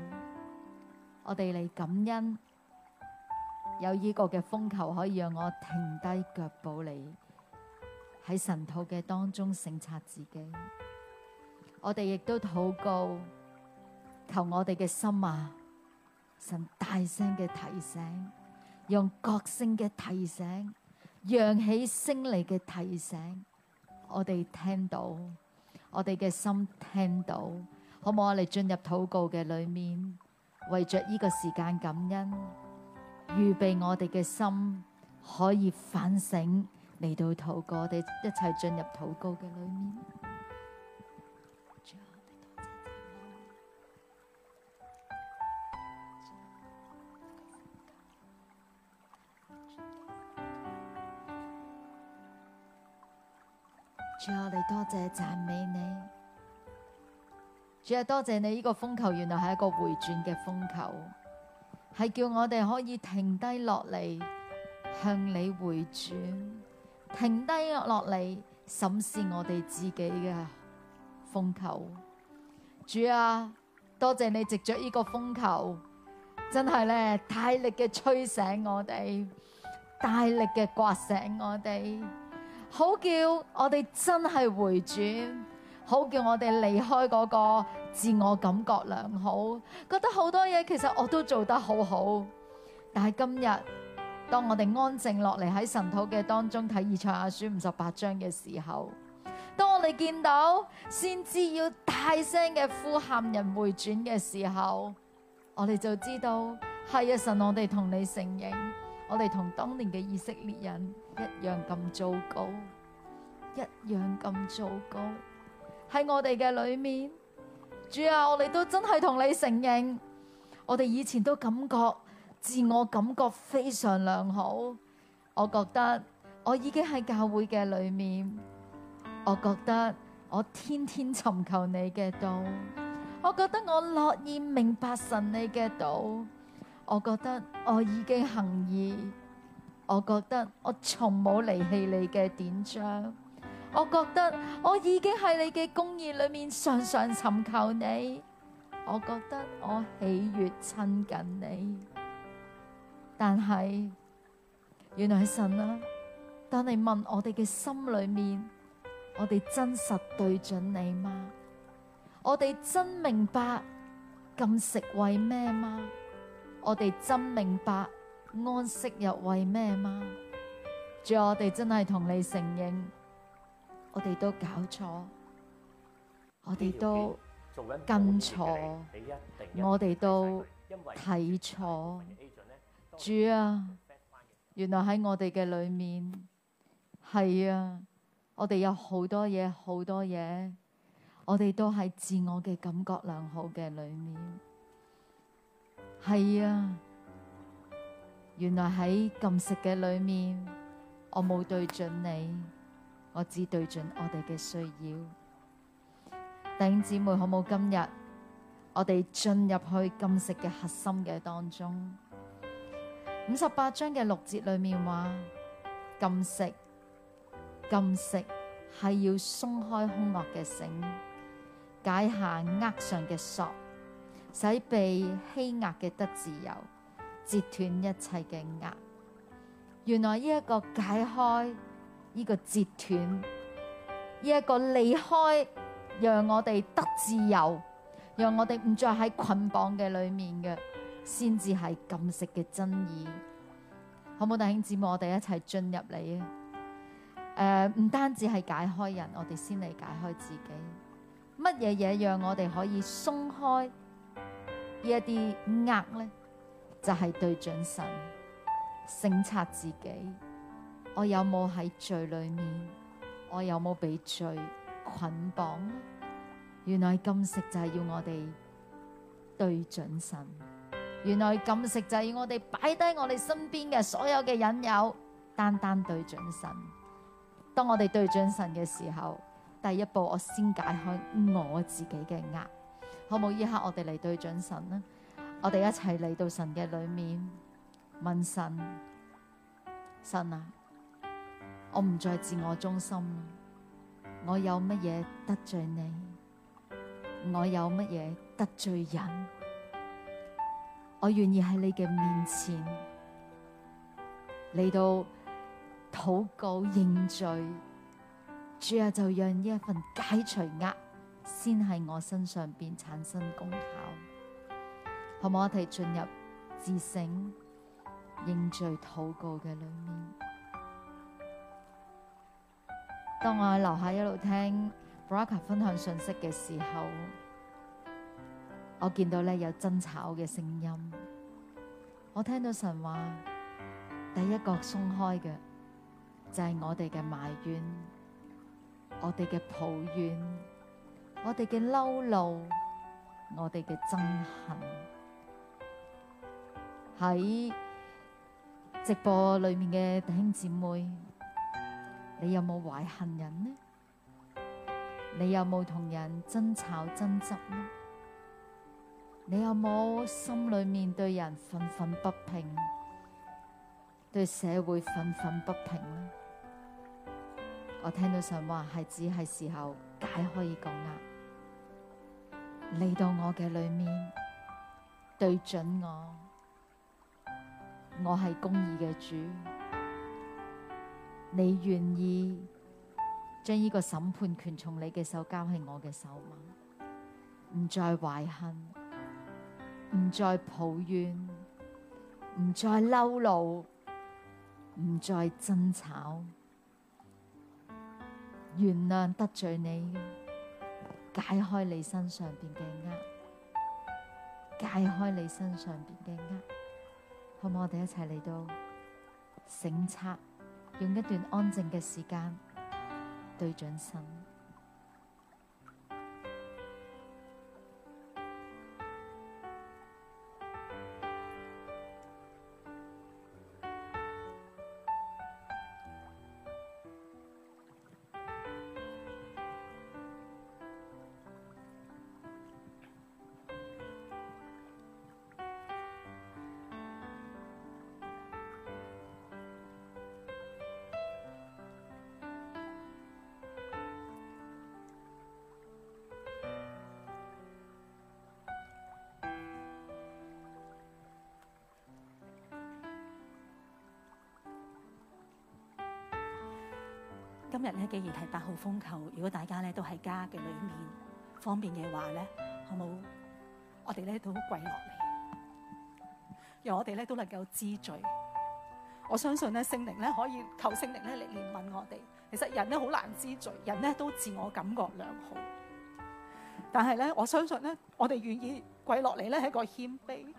我哋嚟感恩有依個嘅風球可以讓我停低腳步嚟。喺神套嘅當中省察自己，我哋亦都禱告，求我哋嘅心啊，神大聲嘅提醒，用角聲嘅提醒，揚起聲嚟嘅提醒，我哋聽到，我哋嘅心聽到，可唔可以？嚟進入禱告嘅裏面，為着呢個時間感恩，預備我哋嘅心可以反省。嚟到禱告，我哋一齊進入禱告嘅裏面。主，主啊，我哋多，多，多謝讚美你。主啊，多謝你！呢個風球原來係一個回轉嘅風球，係叫我哋可以停低落嚟向你回轉。停低落嚟審視我哋自己嘅風球，主啊，多謝你藉着呢個風球，真係咧大力嘅吹醒我哋，大力嘅刮醒我哋，好叫我哋真係回轉，好叫我哋離開嗰個自我感覺良好，覺得好多嘢其實我都做得好好，但係今日。當我哋安靜落嚟喺神土嘅當中睇以賽亞書五十八章嘅時候，當我哋見到先知要大聲嘅呼喊人回轉嘅時候，我哋就知道係啊，神，我哋同你承認，我哋同當年嘅以色列人一樣咁糟糕，一樣咁糟糕。喺我哋嘅裏面，主啊，我哋都真係同你承認，我哋以前都感覺。自我感覺非常良好，我覺得我已經喺教會嘅裏面。我覺得我天天尋求你嘅道，我覺得我樂意明白神你嘅道，我覺得我已經行義，我覺得我從冇離棄你嘅典章，我覺得我已經喺你嘅公義裏面常常尋求你，我覺得我喜悅親近你。但係，原來神啊，當你問我哋嘅心裏面，我哋真實對準你嗎？我哋真明白禁食為咩嗎？我哋真明白安息日為咩嗎？仲有，我哋真係同你承認，我哋都搞錯，我哋都跟錯，我哋都睇錯。主啊，原來喺我哋嘅裏面係啊，我哋有好多嘢、好多嘢，我哋都係自我嘅感覺良好嘅裏面係啊。原來喺禁食嘅裏面，我冇對準你，我只對準我哋嘅需要。弟兄姊妹，好冇？今日，我哋進入去禁食嘅核心嘅當中。五十八章嘅六節裏面話：禁食，禁食係要鬆開凶惡嘅繩，解下軛上嘅索，使被欺壓嘅得自由，截斷一切嘅壓。原來呢一個解開，呢、這個截斷，呢、這、一個離開，讓我哋得自由，讓我哋唔再喺捆綁嘅裏面嘅。先至係禁食嘅真義，好冇？弟兄姊妹，我哋一齊進入嚟啊！誒，唔單止係解開人，我哋先嚟解開自己。乜嘢嘢讓我哋可以鬆開呢一啲壓咧？就係、是、對準神，省察自己，我有冇喺罪裏面？我有冇俾罪捆綁？原來禁食就係要我哋對準神。原來禁食就係要我哋擺低我哋身邊嘅所有嘅引誘，單單對準神。當我哋對準神嘅時候，第一步我先解開我自己嘅軛，好唔好？依刻我哋嚟對準神啦，我哋一齊嚟到神嘅裏面問神，神啊，我唔再自我中心，我有乜嘢得罪你？我有乜嘢得罪人？我願意喺你嘅面前嚟到禱告認罪，主啊，就讓呢一份解除壓先喺我身上邊產生功效，好冇？我哋進入自省、認罪、禱告嘅裏面。當我喺樓下一路聽 Brother 分享信息嘅時候。我見到咧有爭吵嘅聲音，我聽到神話第一個鬆開嘅就係我哋嘅埋怨，我哋嘅抱怨，我哋嘅嬲怒，我哋嘅憎恨。喺直播裏面嘅弟兄姊妹，你有冇懷恨人呢？你有冇同人爭吵爭執呢？你有冇心裏面對人憤憤不平，對社會憤憤不平呢？我聽到神話係只係時候解開以個壓你到我嘅裏面，對準我，我係公義嘅主。你願意將呢個審判權從你嘅手交喺我嘅手嗎？唔再懷恨。.唔再抱怨，唔再嬲怒，唔再爭吵，原諒得罪你，解開你身上邊嘅軛，解開你身上邊嘅軛，好唔好我？我哋一齊嚟到省察，用一段安靜嘅時間對準神。今日咧，既然係八號風球，如果大家咧都喺家嘅裏面方便嘅話咧，好冇我哋咧都跪落嚟，由我哋咧都能夠知罪。我相信咧，聖靈咧可以求聖靈咧嚟憐憫我哋。其實人咧好難知罪，人咧都自我感覺良好，但係咧我相信咧，我哋願意跪落嚟咧係一個謙卑。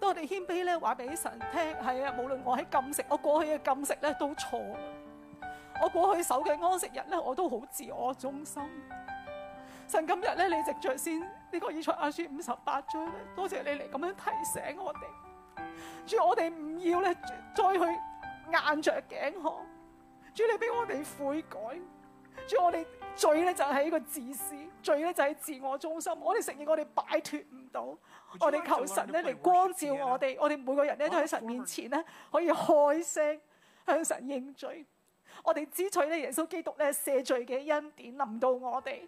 當我哋謙卑咧，話俾神聽，係啊，無論我喺禁食，我過去嘅禁食咧都錯。我過去守嘅安息日咧，我都好自我中心。神今日咧，你直着先你呢個以賽亞書五十八章咧，多謝你嚟咁樣提醒我哋。主，我哋唔要咧，再去硬着頸項。主，你俾我哋悔改。主，我哋罪咧就係、是、呢個自私，罪咧就係、是、自我中心。我哋承認我，我哋擺脫唔到。我哋求神咧嚟光照我哋。我哋每個人咧都喺神面前咧可以開聲向神認罪。我哋支取咧耶穌基督咧赦罪嘅恩典，臨到我哋，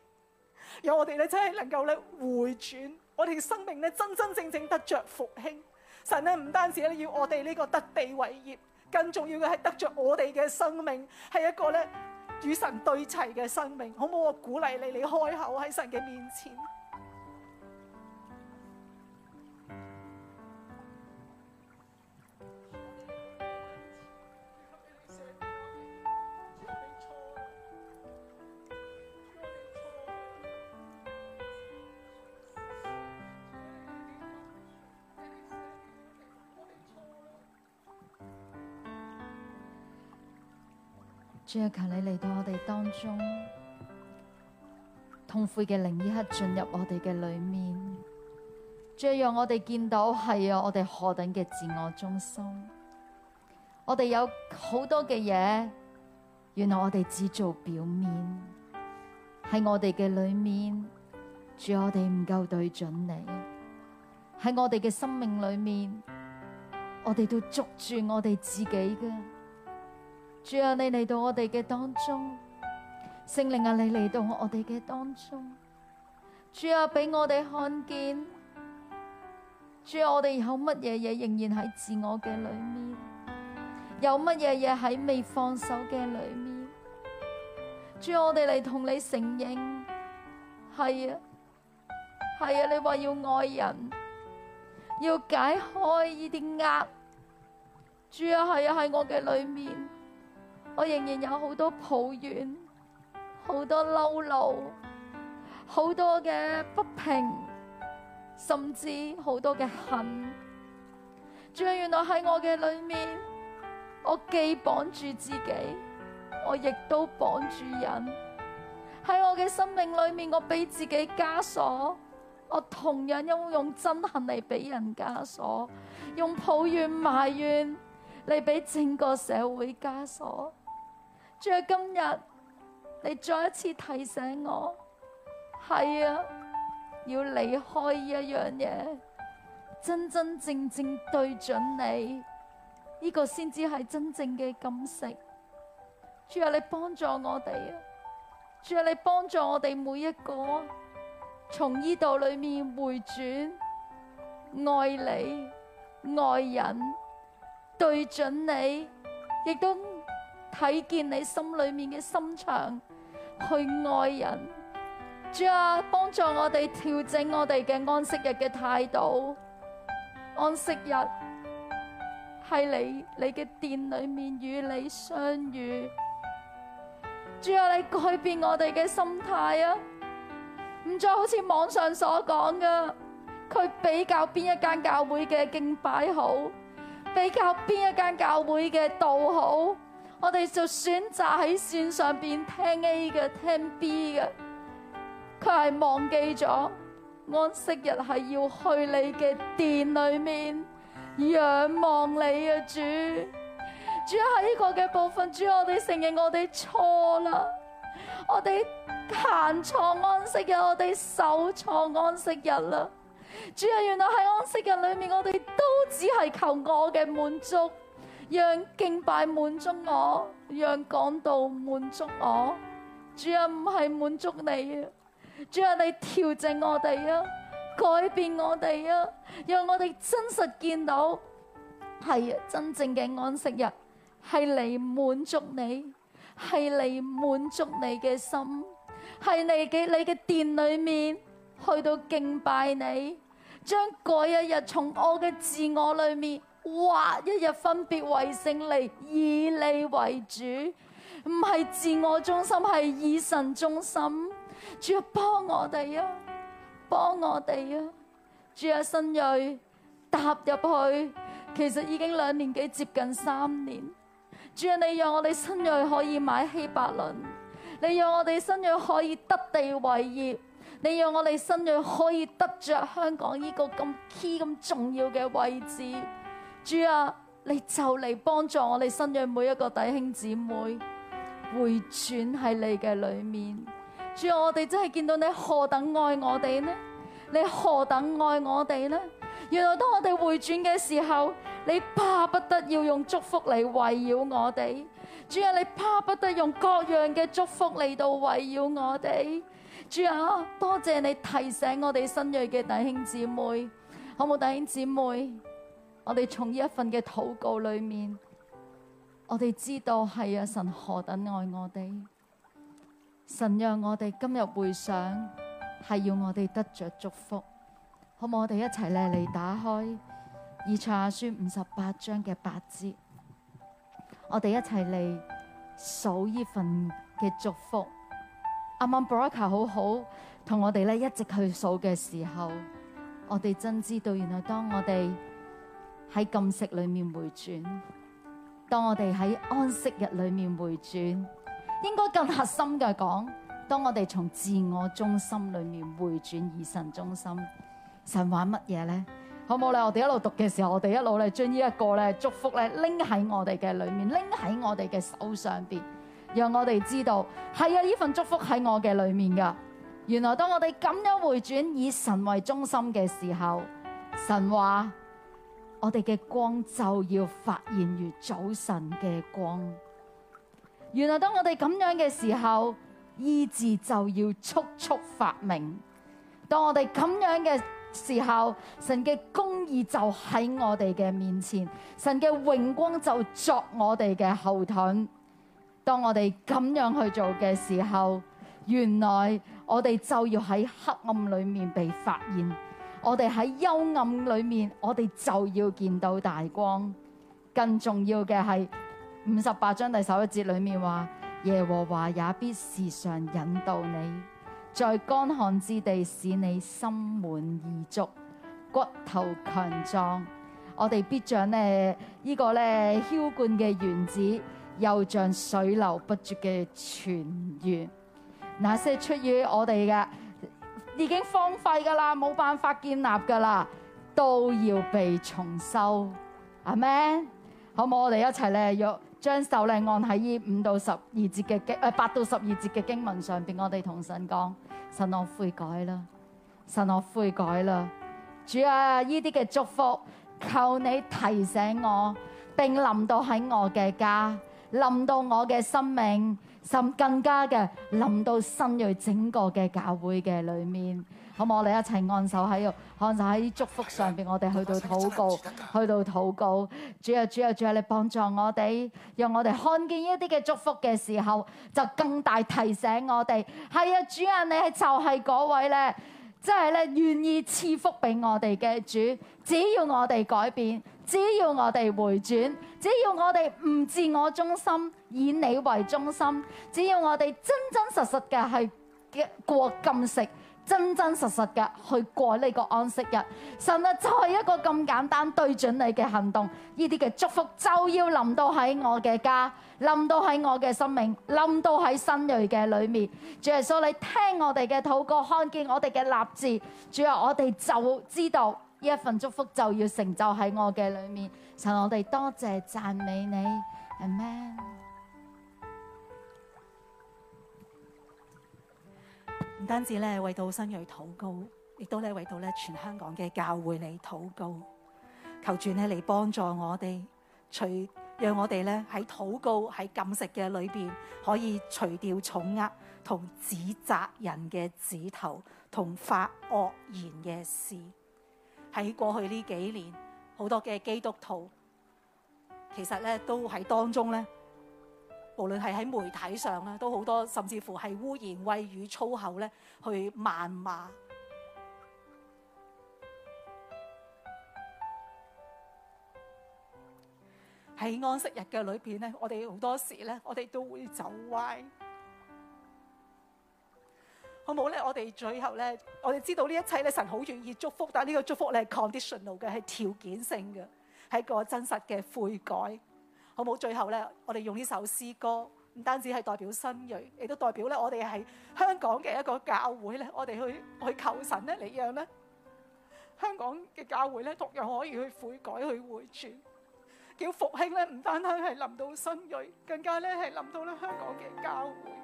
讓我哋咧真係能夠咧回轉，我哋嘅生命咧真真正正得着復興。神咧唔單止咧要我哋呢個得地為業，更重要嘅係得着我哋嘅生命係一個咧與神對齊嘅生命，好唔好？我鼓勵你，你開口喺神嘅面前。主求你嚟到我哋當中，痛悔嘅靈一刻進入我哋嘅裏面，最讓我哋見到係啊，我哋何等嘅自我中心，我哋有好多嘅嘢，原來我哋只做表面，喺我哋嘅裏面，主我哋唔夠對準你，喺我哋嘅生命裏面，我哋都捉住我哋自己噶。主啊，你嚟到我哋嘅當中，聖靈啊，你嚟到我哋嘅當中。主啊，俾我哋看見，主啊，我哋有乜嘢嘢仍然喺自我嘅裏面，有乜嘢嘢喺未放手嘅裏面。主啊，我哋嚟同你承認，係啊，係啊，你話要愛人，要解開呢啲壓。主啊，係啊，喺我嘅裏面。我仍然有好多抱怨，好多嬲怒，好多嘅不平，甚至好多嘅恨。主啊，原來喺我嘅裏面，我既綁住自己，我亦都綁住人。喺我嘅生命裏面，我俾自己枷鎖，我同樣又用憎恨嚟俾人枷鎖，用抱怨埋怨嚟俾整個社會枷鎖。在今日，你再一次提醒我，係啊，要離開一樣嘢，真真正正對準你，呢個先至係真正嘅禁食。主啊，你幫助我哋啊！主啊，你幫助我哋每一個，從呢度裏面回轉，愛你、愛人，對準你，亦都。睇見你心裏面嘅心腸去愛人。主啊，幫助我哋調整我哋嘅安息日嘅態度。安息日係你你嘅殿裏面與你相遇。主啊，你改變我哋嘅心態啊，唔再好似網上所講噶，佢比較邊一間教會嘅敬拜好，比較邊一間教會嘅道好。我哋就選擇喺線上邊聽 A 嘅，聽 B 嘅，佢係忘記咗安息日係要去你嘅殿裏面仰望你嘅主。主啊，喺呢個嘅部分，主，我哋承認我哋錯啦，我哋行錯安息日，我哋守錯安息日啦。主啊，原來喺安息日裏面，我哋都只係求我嘅滿足。讓敬拜滿足我，讓講道滿足我。主要，唔係滿足你。主要，你調整我哋啊，改變我哋啊，讓我哋真實見到係啊，真正嘅安息日係嚟滿足你，係嚟滿足你嘅心，係嚟喺你嘅殿裏面去到敬拜你，將嗰一日從我嘅自我裏面。哇！一日分別為勝利，以你為主，唔係自我中心，係以神中心。主要幫我哋啊，幫我哋啊！主啊，新睿踏入去，其實已經兩年幾，接近三年。主要你讓我哋新睿可以買希伯倫，你讓我哋新睿可以得地為業，你讓我哋新睿可以得着香港呢個咁 key 咁重要嘅位置。主啊，你就嚟幫助我哋新約每一個弟兄姊妹回轉喺你嘅裏面。主啊，我哋真係見到你何等愛我哋呢？你何等愛我哋呢？原來當我哋回轉嘅時候，你巴不得要用祝福嚟圍繞我哋。主啊，你巴不得用各樣嘅祝福嚟到圍繞我哋。主啊，多謝你提醒我哋新約嘅弟兄姊妹。好冇，弟兄姊妹？我哋從呢一份嘅禱告裏面，我哋知道係啊，神何等愛我哋。神讓我哋今日回想，係要我哋得着祝福。好唔好？我哋一齊咧嚟，打開以賽亞書五十八章嘅八節。我哋一齊嚟數呢份嘅祝福。阿 mon broka 好好同我哋咧一直去數嘅時候，我哋真知道，原來當我哋。喺禁食裏面回轉，當我哋喺安息日裏面回轉，應該更核心嘅講，當我哋從自我中心裏面回轉以神中心，神話乜嘢咧？好唔好咧？我哋一路讀嘅時候，我哋一路咧將呢一個咧祝福咧拎喺我哋嘅裏面，拎喺我哋嘅手上邊，讓我哋知道係啊，呢份祝福喺我嘅裏面噶。原來當我哋咁樣回轉以神為中心嘅時候，神話。我哋嘅光就要發現如早晨嘅光。原來當我哋咁樣嘅時候，醫治就要速速發明。當我哋咁樣嘅時候，神嘅公義就喺我哋嘅面前，神嘅榮光就作我哋嘅後盾。當我哋咁樣去做嘅時候，原來我哋就要喺黑暗裏面被發現。我哋喺幽暗裏面，我哋就要見到大光。更重要嘅係五十八章第十一節裏面 話，耶和華也必時常引導你，在乾旱之地使你心滿意足，骨頭強壯。我哋必像咧呢、這個咧，澆灌嘅園子，又像水流不絕嘅泉源。那些出於我哋嘅。已經荒廢噶啦，冇辦法建立噶啦，都要被重修。阿 m a 妹，好唔好？我哋一齊咧，要將手咧按喺依五到十二節嘅經，誒八到十二節嘅經文上邊，我哋同神講：神我悔改啦，神我悔改啦。主啊，依啲嘅祝福，求你提醒我，並臨到喺我嘅家，臨到我嘅生命。甚更加嘅臨到新銳整個嘅教會嘅裏面好，好冇？我哋一齊按手喺度，按手喺祝福上面。我哋去到禱告，去到禱告主。主啊，主啊，主啊，你幫助我哋，讓我哋看見一啲嘅祝福嘅時候，就更大提醒我哋。係啊，主啊，你就係嗰位呢，即係咧願意賜福俾我哋嘅主，只要我哋改變。只要我哋回轉，只要我哋唔自我中心，以你為中心，只要我哋真真實實嘅去過禁食，真真實實嘅去過呢個安息日，神啊，就係一個咁簡單對準你嘅行動，呢啲嘅祝福就要冧到喺我嘅家，冧到喺我嘅生命，冧到喺新蕊嘅裏面。主耶穌你聽我哋嘅禱告，看見我哋嘅立志，主啊，我哋就知道。呢一份祝福就要成就喺我嘅裏面。神，我謝謝，我哋多謝讚美你，阿門。唔單止咧為到新蕊禱告，亦都咧為到咧全香港嘅教會嚟禱告，求主咧嚟幫助我哋，除，讓我哋咧喺禱告喺禁食嘅裏邊可以除掉重壓同指責人嘅指頭同發惡言嘅事。喺過去呢幾年，好多嘅基督徒其實咧都喺當中咧，無論係喺媒體上啦，都好多甚至乎係污言穢語、粗口咧，去謾罵。喺安息日嘅裏邊咧，我哋好多時咧，我哋都會走歪。好冇咧？我哋最後咧，我哋知道呢一切咧，神好願意祝福，但係呢個祝福咧係 conditional 嘅，係條件性嘅，係一個真實嘅悔改。好冇？最後咧，我哋用呢首詩歌，唔單止係代表新蕊，亦都代表咧，我哋係香港嘅一個教會咧，我哋去去求神咧嚟讓咧，香港嘅教會咧同樣可以去悔改去回轉，叫復興咧，唔單單係臨到新蕊，更加咧係臨到咧香港嘅教會。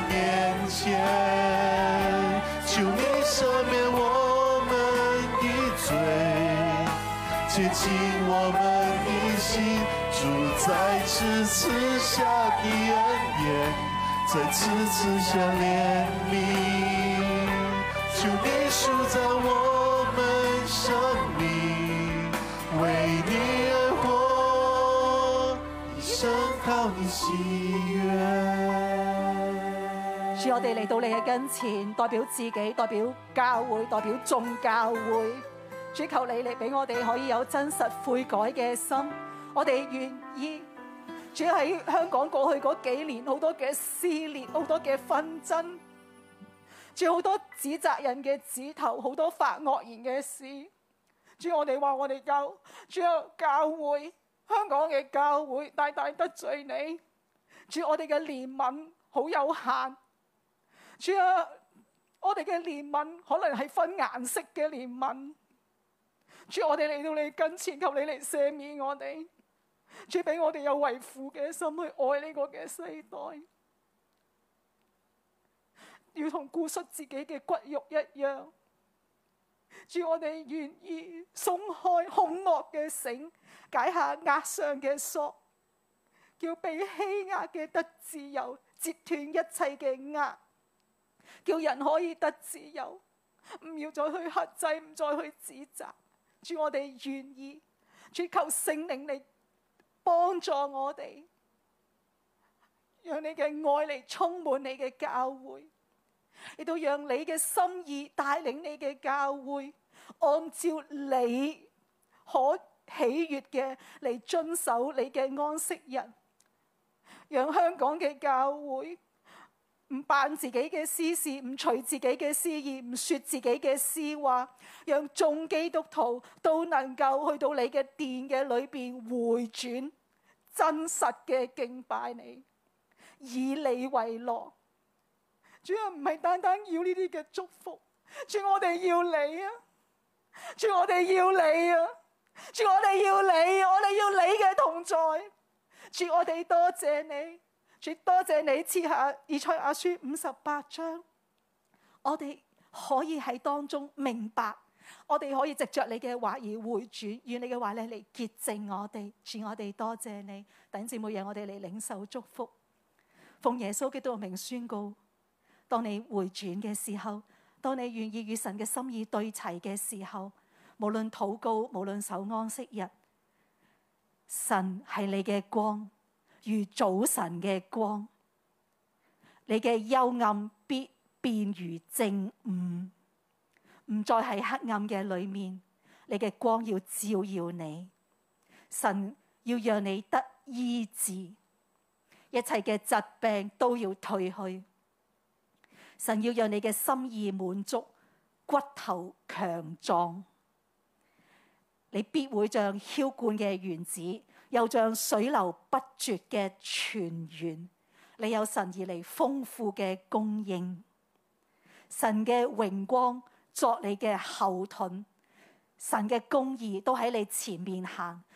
請我們一起住在此次下的恩典，在慈次祥憐憫，求你塑造我們生命，為你而活，一生靠你喜悦。主，我哋嚟到你嘅跟前，代表自己，代表教會，代表眾教會。主，求你嚟俾我哋可以有真實悔改嘅心，我哋願意主喺香港過去嗰幾年好多嘅撕裂，好多嘅紛爭，主好多指責人嘅指頭，好多發惡言嘅事。主，我哋話我哋教，主有教會香港嘅教會大大得罪你。主，我哋嘅憐憫好有限。主啊，我哋嘅憐憫可能係分顏色嘅憐憫。主，我哋嚟到你跟前，求你嚟赦免我哋。主，俾我哋有為父嘅心去愛呢個嘅世代，要同顧恤自己嘅骨肉一樣。主，我哋願意鬆開凶惡嘅繩，解下軛上嘅索，叫被欺壓嘅得自由，截斷一切嘅壓，叫人可以得自由，唔要再去克制，唔再去指責。主，我哋願意，追求聖靈嚟幫助我哋，讓你嘅愛嚟充滿你嘅教會，亦都讓你嘅心意帶領你嘅教會，按照你可喜悅嘅嚟遵守你嘅安息日，讓香港嘅教會。唔辦自己嘅私事，唔隨自己嘅私意，唔說自己嘅私話，讓眾基督徒都能夠去到你嘅殿嘅裏邊回轉，真實嘅敬拜你，以你為樂。主要唔係單單要呢啲嘅祝福，主我哋要你啊，主我哋要你啊，主我哋要,要,要你，我哋要你嘅同在，主我哋多謝,謝你。主，多謝你賜下以賽亞書五十八章，我哋可以喺當中明白，我哋可以藉着你嘅話而回轉，願你嘅話咧嚟潔淨我哋，主，我哋多謝你，等住每日我哋嚟領受祝福。奉耶穌基督嘅名宣告：當你回轉嘅時候，當你願意與神嘅心意對齊嘅時候，無論禱告，無論守安息日，神係你嘅光。如早晨嘅光，你嘅幽暗必變如正午，唔再係黑暗嘅裏面。你嘅光要照耀你，神要讓你得醫治，一切嘅疾病都要退去。神要讓你嘅心意滿足，骨頭強壯，你必會像澆灌嘅園子。又像水流不絕嘅泉源，你有神而嚟豐富嘅供應。神嘅榮光作你嘅後盾，神嘅公義都喺你前面行。